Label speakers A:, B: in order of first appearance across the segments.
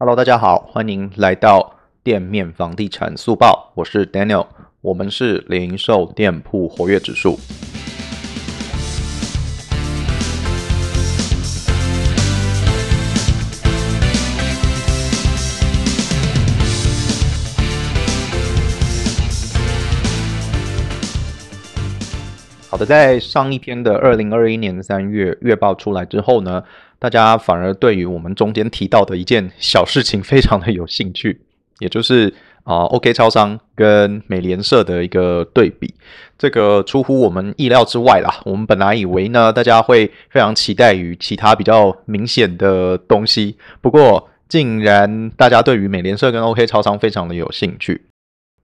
A: Hello，大家好，歡迎來到店面房地產速報。我是 Daniel，我們是零售店鋪活躍指數。在上一篇的二零二一年三月月報出來之後呢，大家反而對於我們中間提到的一件小事情非常的有興趣，也就是啊，呃，OK 超商跟美廉社的一個對比，這個出乎我們意料之外啦。我們本來以為呢，大家會非常期待於其他比較明顯的東西，不過竟然大家對於美廉社跟 OK 超商非常的有興趣。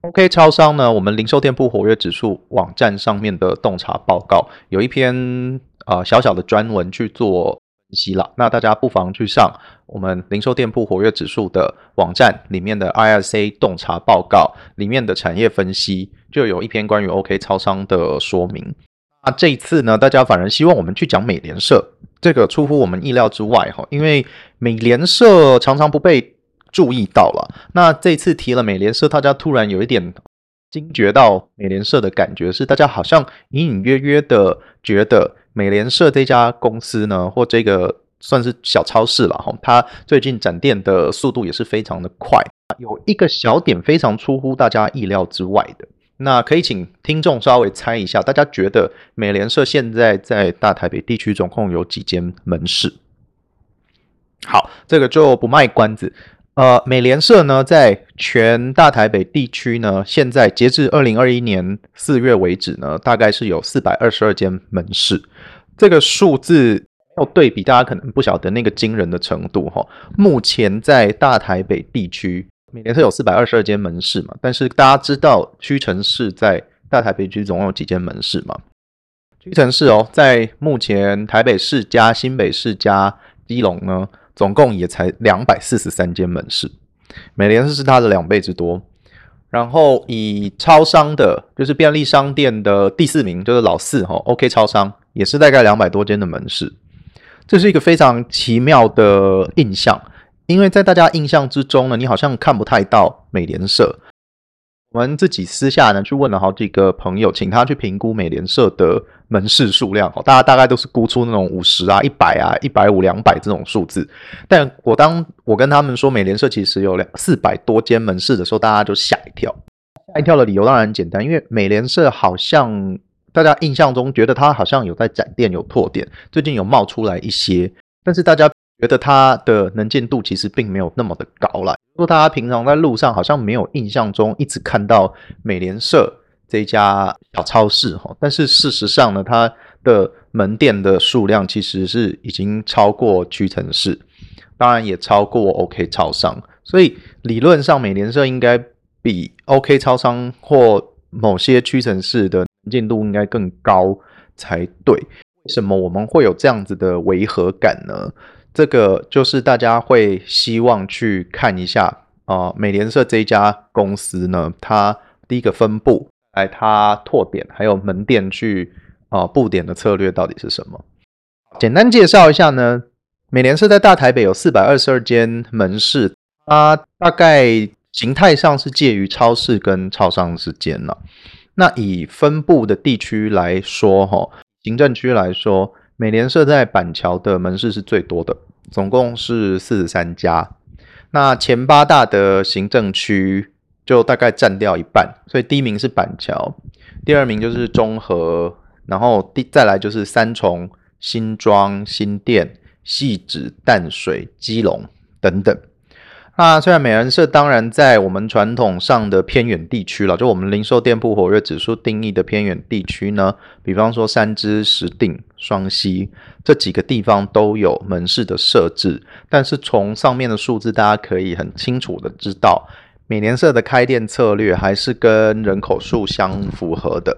A: OK 超商呢，我們零售店鋪活躍指數網站上面的洞察報告有一篇啊、呃、小小的專文去做分析了。那大家不妨去上我們零售店鋪活躍指數的網站裡面的 RSA 洞察報告裡面的產業分析，就有一篇關於 OK 超商的說明。那、啊、這一次呢，大家反而希望我們去講美廉社，這個出乎我們意料之外哈，因為美廉社常常不被。注意到了，那這次提了美廉社，大家突然有一點驚覺到美廉社的感覺是，大家好像隱隱約約的覺得美廉社這家公司呢，或這個算是小超市了哈，它最近展店的速度也是非常的快。有一個小點非常出乎大家意料之外的，那可以請聽眾稍微猜一下，大家覺得美廉社現在在大台北地區總共有幾間門市？好，這個就不賣關子。呃，美廉社呢，在全大台北地區呢，現在截至二零二一年四月為止呢，大概是有四百二十二間門市。這個數字要對比，大家可能不曉得那個驚人的程度哈。目前在大台北地區，美廉社有四百二十二間門市嘛？但是大家知道屈臣氏在大台北區總共有幾間門市嗎？屈臣氏哦，在目前台北市加新北市加基隆呢？總共也才兩百四十三間門市，美廉社是它的兩倍之多。然後以超商的，就是便利商店的第四名，就是老四哈，OK 超商也是大概兩百多間的門市。這是一個非常奇妙的印象，因為在大家印象之中呢，你好像看不太到美廉社。我們自己私下呢，去問了好幾個朋友，請他去評估美廉社的門市數量。大家大概都是估出那種五十啊、一百啊、一百五、兩百這種數字。但我當我跟他們說美廉社其實有兩四百多間門市的時候，大家就嚇一跳。嚇一跳的理由當然很簡單，因為美廉社好像大家印象中覺得它好像有在展店、有拓店，最近有冒出來一些，但是大家。覺得它的能見度其實並沒有那麼的高了。說大家平常在路上好像沒有印象中一直看到美廉社這家小超市哈，但是事實上呢，它的門店的數量其實是已經超過屈臣氏，當然也超過 OK 超商。所以理論上美廉社應該比 OK 超商或某些屈臣氏的能見度應該更高才對。為什麼我們會有這樣子的違和感呢？這個就是大家會希望去看一下啊，美廉社這一家公司呢，它第一個分布哎，它拓點還有門店去啊布點的策略到底是什麼？簡單介紹一下呢，美廉社在大台北有四百二十二間門市，它大概形態上是介於超市跟超商之間啊，那以分布的地區來說，哈，行政區來說。美廉社在板橋的門市是最多的，總共是四十三家。那前八大的行政區就大概占掉一半，所以第一名是板橋，第二名就是中和，然後第再來就是三重、新莊、新店、汐止、淡水、基隆等等。那雖然美廉社當然在我們傳統上的偏遠地區了，就我們零售店鋪活躍指數定義的偏遠地區呢，比方說三芝、石碇、雙溪這幾個地方都有門市的設置，但是從上面的數字，大家可以很清楚的知道，美廉社的開店策略還是跟人口數相符合的，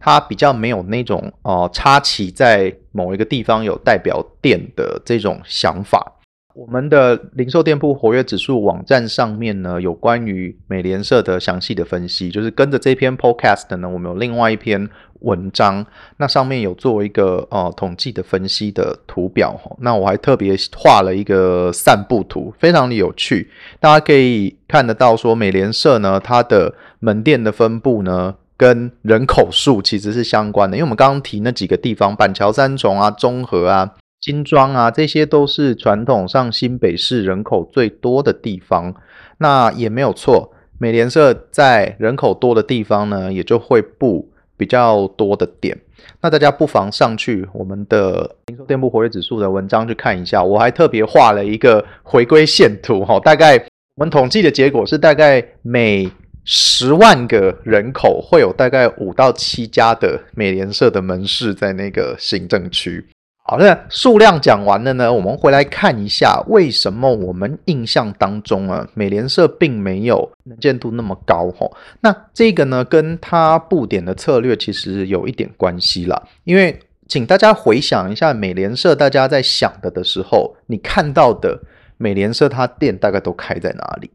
A: 它比較沒有那種哦插、呃、旗在某一個地方有代表店的這種想法。我們的零售店鋪活躍指數網站上面呢，有關於美廉社的詳細的分析。就是跟着這篇 Podcast 呢，我們有另外一篇文章，那上面有做一個呃、哦、統計的分析的圖表。那我還特別畫了一個散布圖，非常的有趣。大家可以看得到說，美廉社呢，它的門店的分布呢，跟人口數其實是相關的。因為我們剛剛提那幾個地方，板橋三重啊、中和啊。新莊啊，這些都是傳統上新北市人口最多的地方，那也沒有錯。美廉社在人口多的地方呢，也就會布比較多的點。那大家不妨上去我們的零售店鋪活躍指數的文章去看一下。我還特別畫了一個迴歸線圖，哈、哦，大概我們統計的結果是，大概每十萬個人口會有大概五到七家的美廉社的門市在那個行政區。好的，那數量講完了呢，我們回來看一下，為什麼我們印象當中啊，美廉社並沒有能見度那麼高吼？那這個呢，跟它布點的策略其實有一點關係啦，因為，請大家回想一下，美廉社大家在想的的時候，你看到的美廉社它店大概都開在哪裡？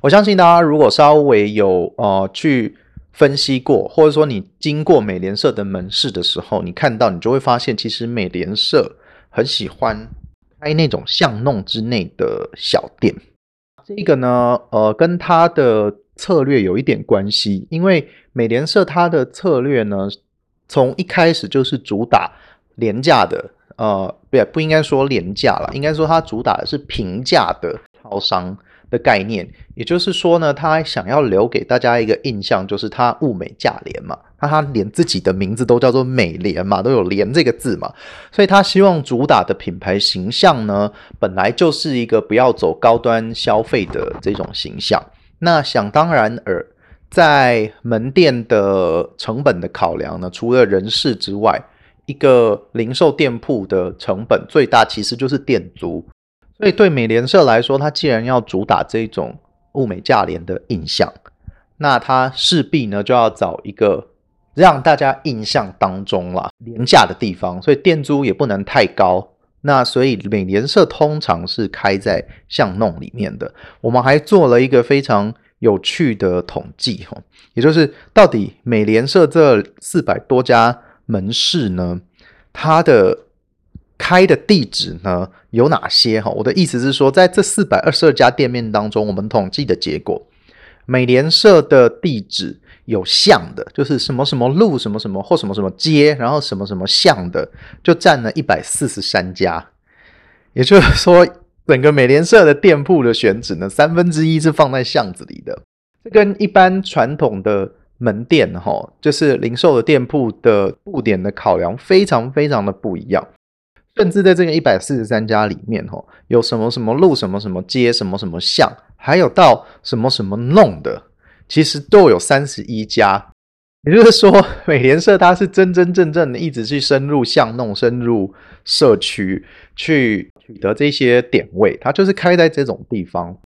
A: 我相信大家如果稍微有呃去。分析過，或者說你經過美廉社的門市的時候，你看到你就會發現，其實美廉社很喜歡開那種巷弄之內的小店。這個呢，呃，跟他的策略有一點關係，因為美廉社它的策略呢，從一開始就是主打廉價的，呃，不不應該說廉價了，應該說它主打的是平價的超商。的概念，也就是說呢，他想要留給大家一個印象，就是它物美價廉嘛，那他連自己的名字都叫做美廉嘛，都有廉這個字嘛，所以他希望主打的品牌形象呢，本來就是一個不要走高端消費的這種形象。那想當然爾，在門店的成本的考量呢，除了人事之外，一個零售店鋪的成本最大其實就是店租。所以對美廉社來說，它既然要主打這種物美價廉的印象，那它勢必呢就要找一個讓大家印象當中啦廉價的地方，所以店租也不能太高。那所以美廉社通常是開在巷弄裡面的。我們還做了一個非常有趣的統計哈，也就是到底美廉社這四百多家門市呢，它的。開的地址呢有哪些、哦？哈，我的意思是說，在這四百二十二家店面當中，我們統計的結果，美廉社的地址有巷的，就是什麼什麼路什麼什麼或什麼什麼街，然後什麼什麼巷的，就占了一百四十三家。也就是說，整個美廉社的店鋪的選址呢，三分之一是放在巷子裡的。這跟一般傳統的門店，哈，就是零售的店鋪的布點的考量，非常非常的不一樣。甚至在這個一百四十三家裡面，哦，有什麼什麼路、什麼什麼街、什麼什麼巷，還有到什麼什麼弄的，其實都有三十一家。也就是說，美廉社它是真真正正的一直去深入巷弄、深入社區去取得這些點位，它就是開在這種地方。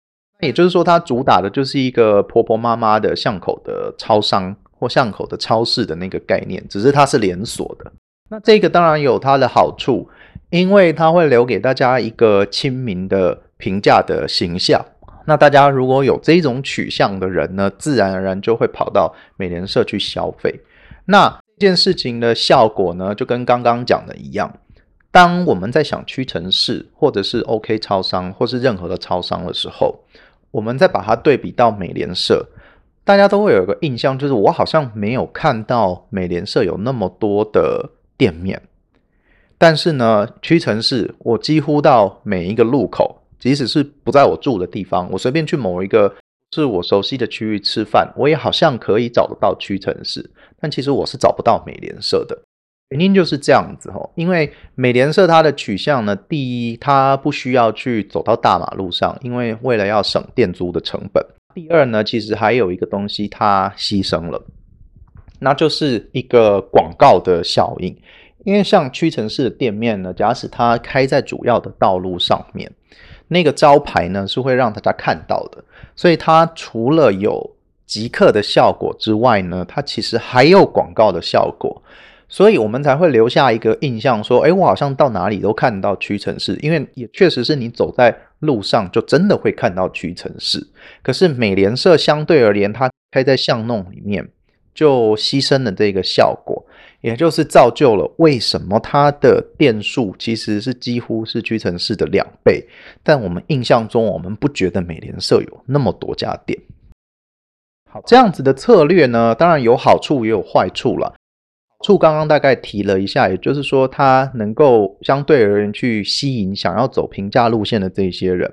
A: 也就是說，它主打的就是一個婆婆媽媽的巷口的超商或巷口的超市的那個概念，只是它是連鎖的。那這個當然有它的好處。因為他會留給大家一個親民的評價的形象，那大家如果有這種取向的人呢，自然而然就會跑到美廉社去消費。那這件事情的效果呢，就跟剛剛講的一樣。當我們在想屈臣氏，或者是 OK 超商，或是任何的超商的時候，我們再把它對比到美廉社，大家都會有一個印象，就是我好像沒有看到美廉社有那麼多的店面。但是呢，屈臣氏，我幾乎到每一個路口，即使是不在我住的地方，我隨便去某一個是我熟悉的區域吃飯，我也好像可以找得到屈臣氏。但其實我是找不到美廉社的，原因就是這樣子哈、哦，因為美廉社它的取向呢，第一，它不需要去走到大馬路上，因為為了要省店租的成本；第二呢，其實還有一個東西它犧牲了，那就是一個廣告的效應。因為像屈臣氏的店面呢，假使它開在主要的道路上面，那個招牌呢是會讓大家看到的，所以它除了有集客的效果之外呢，它其實還有廣告的效果，所以我們才會留下一個印象說，哎，我好像到哪裡都看到屈臣氏，因為也確實是你走在路上就真的會看到屈臣氏。可是美廉社相對而言，它開在巷弄裡面，就犧牲了這個效果。也就是造就了為什麼它的店數其實是幾乎是屈臣氏的兩倍，但我們印象中我們不覺得美廉社有那麼多家店。好，這樣子的策略呢，當然有好處也有壞處了。好處剛剛大概提了一下，也就是說它能夠相對而言去吸引想要走平價路線的這些人。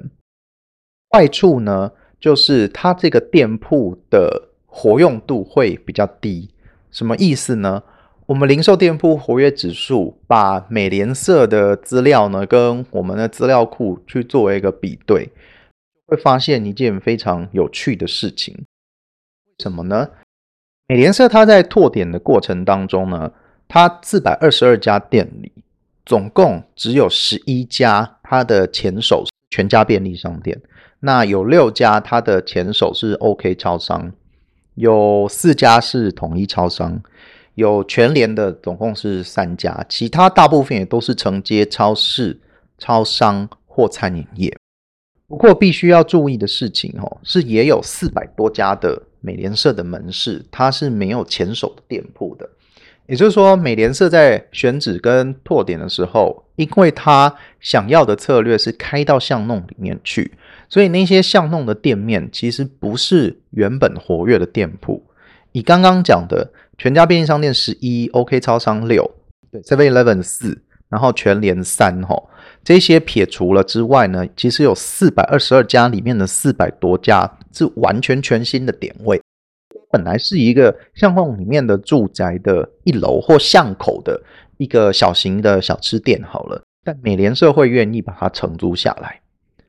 A: 壞處呢，就是它這個店鋪的活用度會比較低。什麼意思呢？我們零售店鋪活躍指數把美廉社的資料呢，跟我們的資料庫去作為一個比對，會發現一件非常有趣的事情。為什麼呢？美廉社它在拓展的過程當中呢，它四百二十二家店裡，總共只有十一家，它的前手是全家便利商店。那有六家，它的前手是 OK 超商，有四家是統一超商。有全聯的，總共是三家，其他大部分也都是承接超市、超商或餐飲業。不過，必須要注意的事情，吼，是也有四百多家的美廉社的門市，它是沒有前手的店鋪的。也就是說，美廉社在選址跟拓點的時候，因為它想要的策略是開到巷弄裡面去，所以那些巷弄的店面其實不是原本活躍的店鋪。以剛剛講的。全家便利商店十一，OK 超商六，對，Seven Eleven 四，然後全聯三，哈，這些撇除了之外呢，其實有四百二十二家裡面的四百多家是完全全新的點位。本來是一個巷弄裡面的住宅的一樓或巷口的一個小型的小吃店，好了，但美廉社會願意把它承租下來。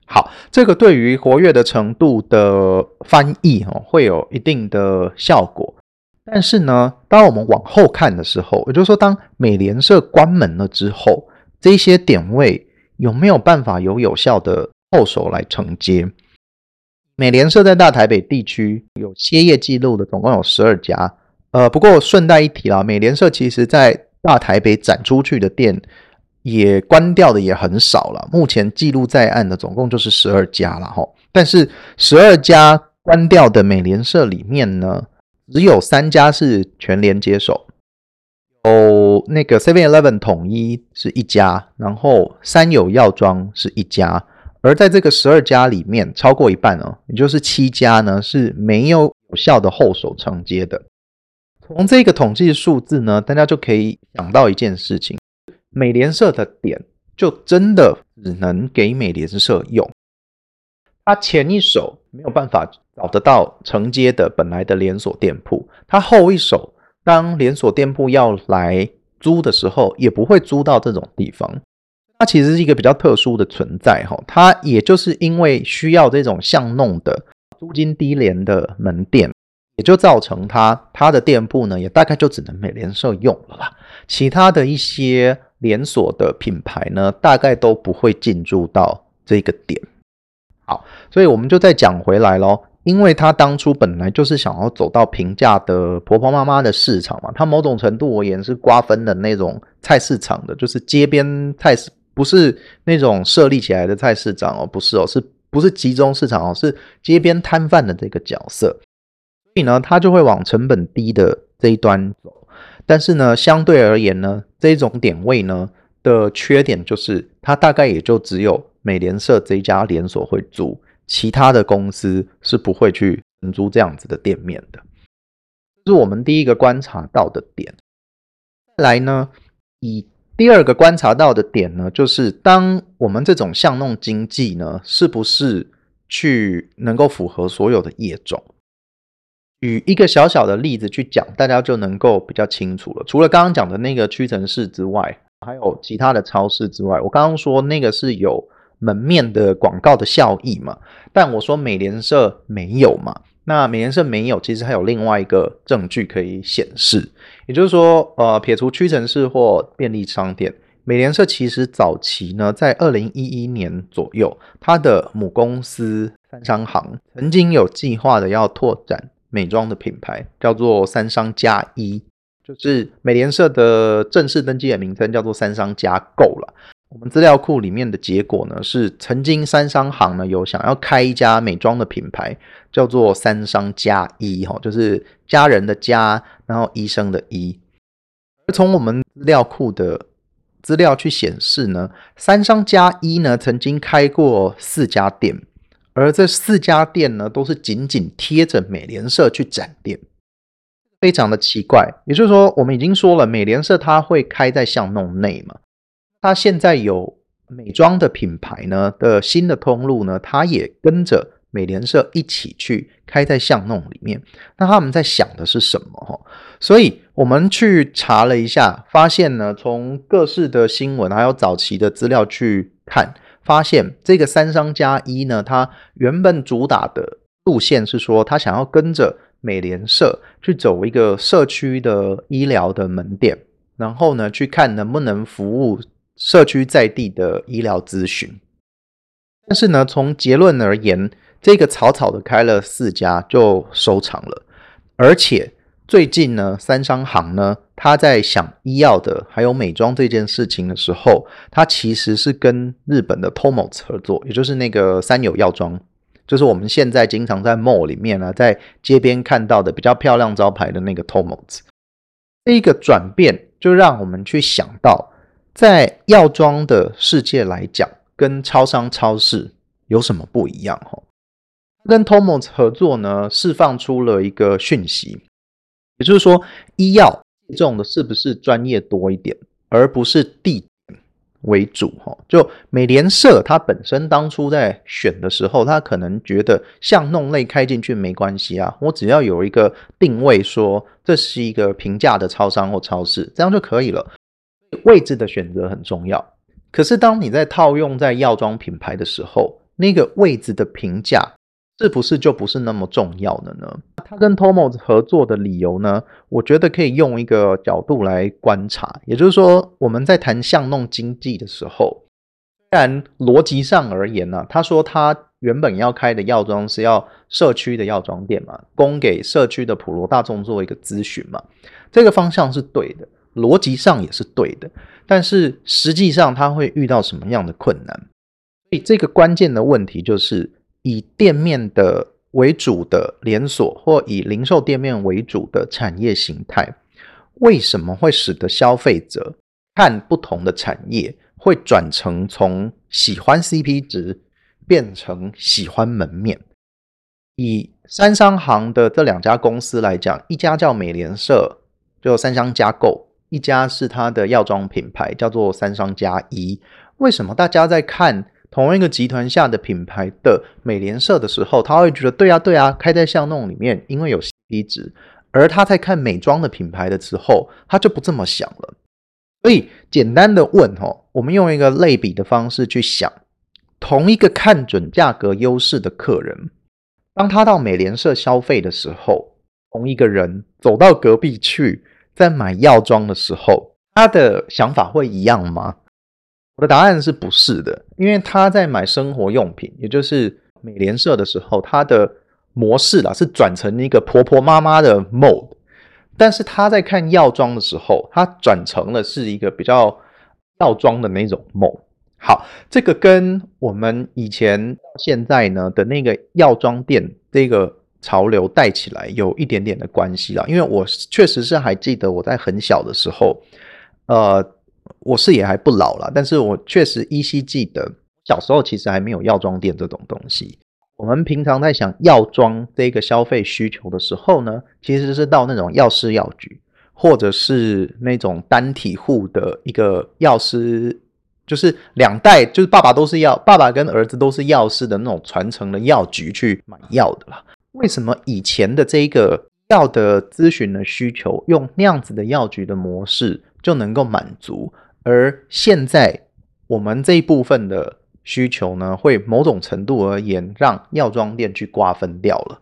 A: 好，這個對於活躍的程度的翻譯，哦，會有一定的效果。但是呢，當我們往後看的時候，也就是說，當美廉社關門了之後，這些點位有沒有辦法有有效的後手來承接？美廉社在大台北地區有歇業記錄的，總共有十二家。呃，不過順帶一提了，美廉社其實在大台北展出去的店也關掉的也很少了，目前記錄在案的總共就是十二家了哈。但是十二家關掉的美廉社裡面呢？只有三家是全聯接手，有那個 Seven Eleven 統一是一家，然後三友藥妝是一家，而在這個十二家裡面，超過一半哦，也就是七家呢是沒有有效的後手承接的。從這個統計數字呢，大家就可以想到一件事情：美廉社的點就真的只能給美廉社用，他、啊、前一手。沒有辦法找得到承接的本來的連鎖店鋪，他後一手當連鎖店鋪要來租的時候，也不會租到這種地方。它其實是一個比較特殊的存在哈，它也就是因為需要這種巷弄的租金低廉的門店，也就造成它它的店鋪呢，也大概就只能美廉社用了啦。其他的一些連鎖的品牌呢，大概都不會進駐到這個點。好，所以我們就再講回來咯，因為他當初本來就是想要走到平價的婆婆媽媽的市場嘛，他某種程度而言是瓜分了那種菜市場的，就是街邊菜市，不是那種設立起來的菜市場哦，不是哦，是不是集中市場哦，是街邊攤販的這個角色，所以呢，他就會往成本低的這一端走，但是呢，相對而言呢，這種點位呢的缺點就是，它大概也就只有。美廉社這一家連鎖會租，其他的公司是不會去承租這樣子的店面的，這是我們第一個觀察到的點。再來呢，以第二個觀察到的點呢，就是當我們這種巷弄經濟呢，是不是去能夠符合所有的業種？舉一個小小的例子去講，大家就能夠比較清楚了。除了剛剛講的那個屈臣氏之外，還有其他的超市之外，我剛剛說那個是有。門面的廣告的效益嘛，但我說美廉社沒有嘛？那美廉社沒有，其實還有另外一個證據可以顯示，也就是說，呃，撇除屈臣氏或便利商店，美廉社其實早期呢，在二零一一年左右，它的母公司三商行曾經有計劃的要拓展美妝的品牌，叫做三商加一，就是美廉社的正式登記的名稱叫做三商家購啦。我們資料庫裡面的結果呢，是曾經三商行呢有想要開一家美妝的品牌，叫做三商家醫。哈、哦，就是家人的家，然後醫生的醫。而從我們資料庫的資料去顯示呢，三商家醫呢曾經開過四家店，而這四家店呢都是緊緊貼着美廉社去展店，非常的奇怪。也就是說，我們已經說了，美廉社它會開在巷弄內嘛。他現在有美妝的品牌呢的新的通路呢，他也跟着美廉社一起去開在巷弄裡面。那他們在想的是什麼哈？所以我們去查了一下，發現呢，從各式的新聞還有早期的資料去看，發現這個三商加一呢，它原本主打的路線是說，它想要跟着美廉社去走一個社區的醫療的門店，然後呢，去看能不能服務。社區在地的醫療諮詢，但是呢，從結論而言，這個草草的開了四家就收場了。而且最近呢，三商行呢，他在想醫藥的還有美妝這件事情的時候，他其實是跟日本的 Tomos 合作，也就是那個三友藥妝，就是我們現在經常在 mall 裡面呢，在街邊看到的比較漂亮招牌的那個 Tomos。這一個轉變，就讓我們去想到。在藥妝的世界來講，跟超商、超市有什麼不一樣？哈，跟 Tomod's 合作呢，釋放出了一個訊息，也就是說，醫藥這種的是不是專業多一點，而不是地點為主。哈，就美廉社它本身當初在選的時候，它可能覺得巷弄裡開進去沒關係啊，我只要有一個定位，說這是一個平價的超商或超市，這樣就可以了。位置的選擇很重要，可是當你在套用在藥妝品牌的時候，那個位置的評價是不是就不是那麼重要的呢？他跟 Tomo 合作的理由呢？我覺得可以用一個角度來觀察，也就是說，我們在談巷弄經濟的時候，雖然邏輯上而言呢、啊，他說他原本要開的藥妝是要社區的藥妝店嘛，供給社區的普羅大眾做一個諮詢嘛，這個方向是對的。邏輯上也是對的，但是實際上它會遇到什麼樣的困難？所以這個關鍵的問題就是，以店面的為主的連鎖或以零售店面為主的產業形態，為什麼會使得消費者看不同的產業會轉成從喜歡 CP 值變成喜歡門面？以三商行的這兩家公司來講，一家叫美廉社，就三商家購。一家是他的藥妝品牌，叫做三商加一。為什麼大家在看同一個集團下的品牌的美廉社的時候，他會覺得對啊對啊，開在巷弄裡面，因為有吸值；而他在看美妝的品牌的時候，他就不這麼想了。所以簡單的問哈、哦，我們用一個類比的方式去想，同一個看準價格優勢的客人，當他到美廉社消費的時候，同一個人走到隔壁去。在買藥妝的時候，他的想法會一樣嗎？我的答案是不是的，因為他在買生活用品，也就是美廉社的時候，他的模式啦是轉成一個婆婆媽媽的 mode，但是他在看藥妝的時候，他轉成了是一個比較藥妝的那種 mode。好，這個跟我們以前到現在呢的那個藥妝店這個。潮流帶起來有一點點的關係啦，因為我確實是還記得我在很小的時候，呃，我是也還不老了，但是我確實依稀記得小時候其實還沒有藥妝店這種東西。我們平常在想藥妝這個消費需求的時候呢，其實是到那種藥師藥局，或者是那種單體戶的一個藥師，就是兩代，就是爸爸都是藥，爸爸跟兒子都是藥師的那種傳承的藥局去買藥的啦。為什麼以前的這個藥的諮詢的需求，用那樣子的藥局的模式就能夠滿足？而現在我們這一部分的需求呢，會某種程度而言讓藥妝店去瓜分掉了。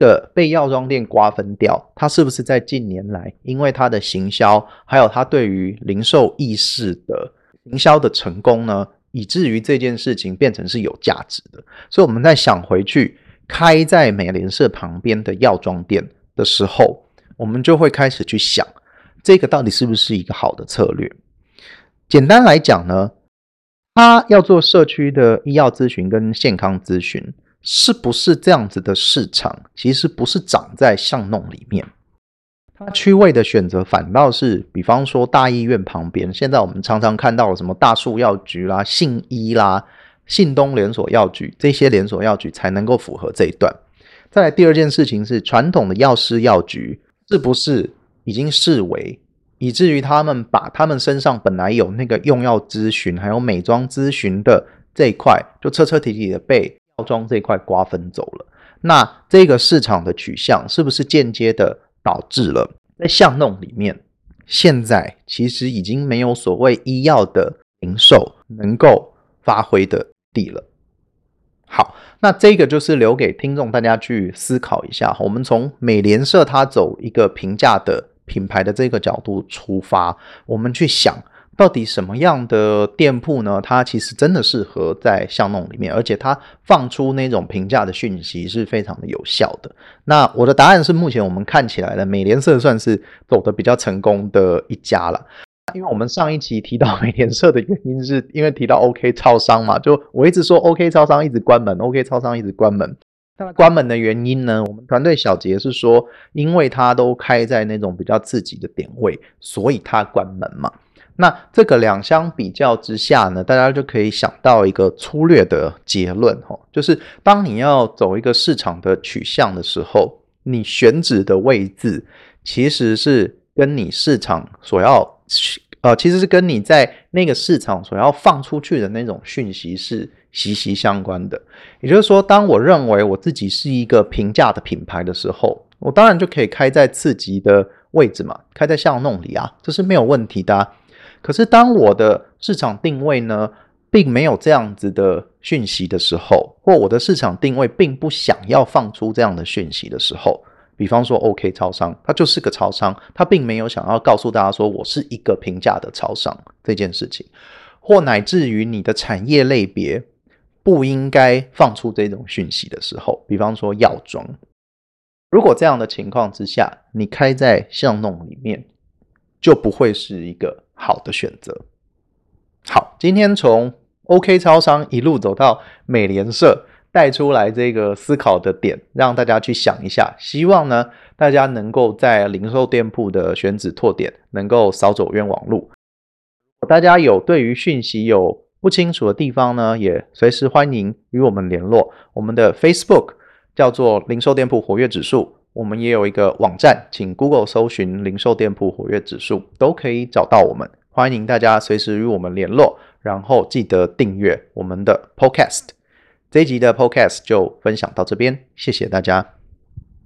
A: 這個被藥妝店瓜分掉，它是不是在近年來因為它的行銷，還有它對於零售意識的行銷的成功呢？以至於這件事情變成是有價值的？所以我們再想回去。開在美廉社旁邊的藥妝店的時候，我們就會開始去想，這個到底是不是一個好的策略？簡單來講呢，他要做社區的醫藥諮詢跟健康諮詢，是不是這樣子的市場？其實不是長在巷弄裡面，他區位的選擇反倒是，比方說大醫院旁邊。現在我們常常看到了什麼大樹藥局啦、杏一啦。信東連鎖藥局，這些連鎖藥局才能夠符合這一段。再來，第二件事情是，傳統的藥師藥局是不是已經式微，以至於他們把他們身上本來有那個用藥諮詢，還有美妝諮詢的這一塊，就徹徹底底的被藥妝這一塊瓜分走了。那這個市場的取向，是不是間接的導致了在巷弄裡面，現在其實已經沒有所謂醫藥的零售能夠發揮的底了，好，那這個就是留給聽眾大家去思考一下。我們從美廉社它走一個平價的品牌的這個角度出發，我們去想到底什麼樣的店鋪呢？它其實真的適合在巷弄裡面，而且它放出那種平價的訊息是非常的有效的。那我的答案是，目前我們看起來的美廉社算是走得比較成功的一家了。因為我們上一期提到美廉社的原因，是因為提到 OK 超商嘛，就我一直說 OK 超商一直關門，OK 超商一直關門。那、OK、關,關門的原因呢？我們團隊小結是說，因為它都開在那種比較刺激的點位，所以它關門嘛。那這個兩相比較之下呢，大家就可以想到一個粗略的結論哈、哦，就是當你要走一個市場的取向的時候，你選址的位置其實是跟你市場所要呃，其實是跟你在那個市場所要放出去的那種訊息是息息相關的。也就是說，當我認為我自己是一個平價的品牌的時候，我當然就可以開在次級的位置嘛，開在巷弄裡啊，這是沒有問題的啊。可是當我的市場定位呢，並沒有這樣子的訊息的時候，或我的市場定位並不想要放出這樣的訊息的時候。比方說，OK 超商，它就是個超商，它並沒有想要告訴大家說我是一個平價的超商這件事情，或乃至於你的產業類別不應該放出這種訊息的時候，比方說藥妝。如果這樣的情況之下，你開在巷弄裡面，就不會是一個好的選擇。好，今天從 OK 超商一路走到美廉社。帶出來這個思考的點，讓大家去想一下。希望呢，大家能夠在零售店鋪的選址拓點，能夠少走冤枉路。大家有對於訊息有不清楚的地方呢，也隨時歡迎與我們聯絡。我們的 Facebook 叫做“零售店鋪活躍指數”，我們也有一個網站，請 Google 搜尋“零售店鋪活躍指數”都可以找到我們。歡迎大家隨時與我們聯絡，然後記得訂閱我們的 Podcast。這一集的 Podcast 就分享到這邊，謝謝大家。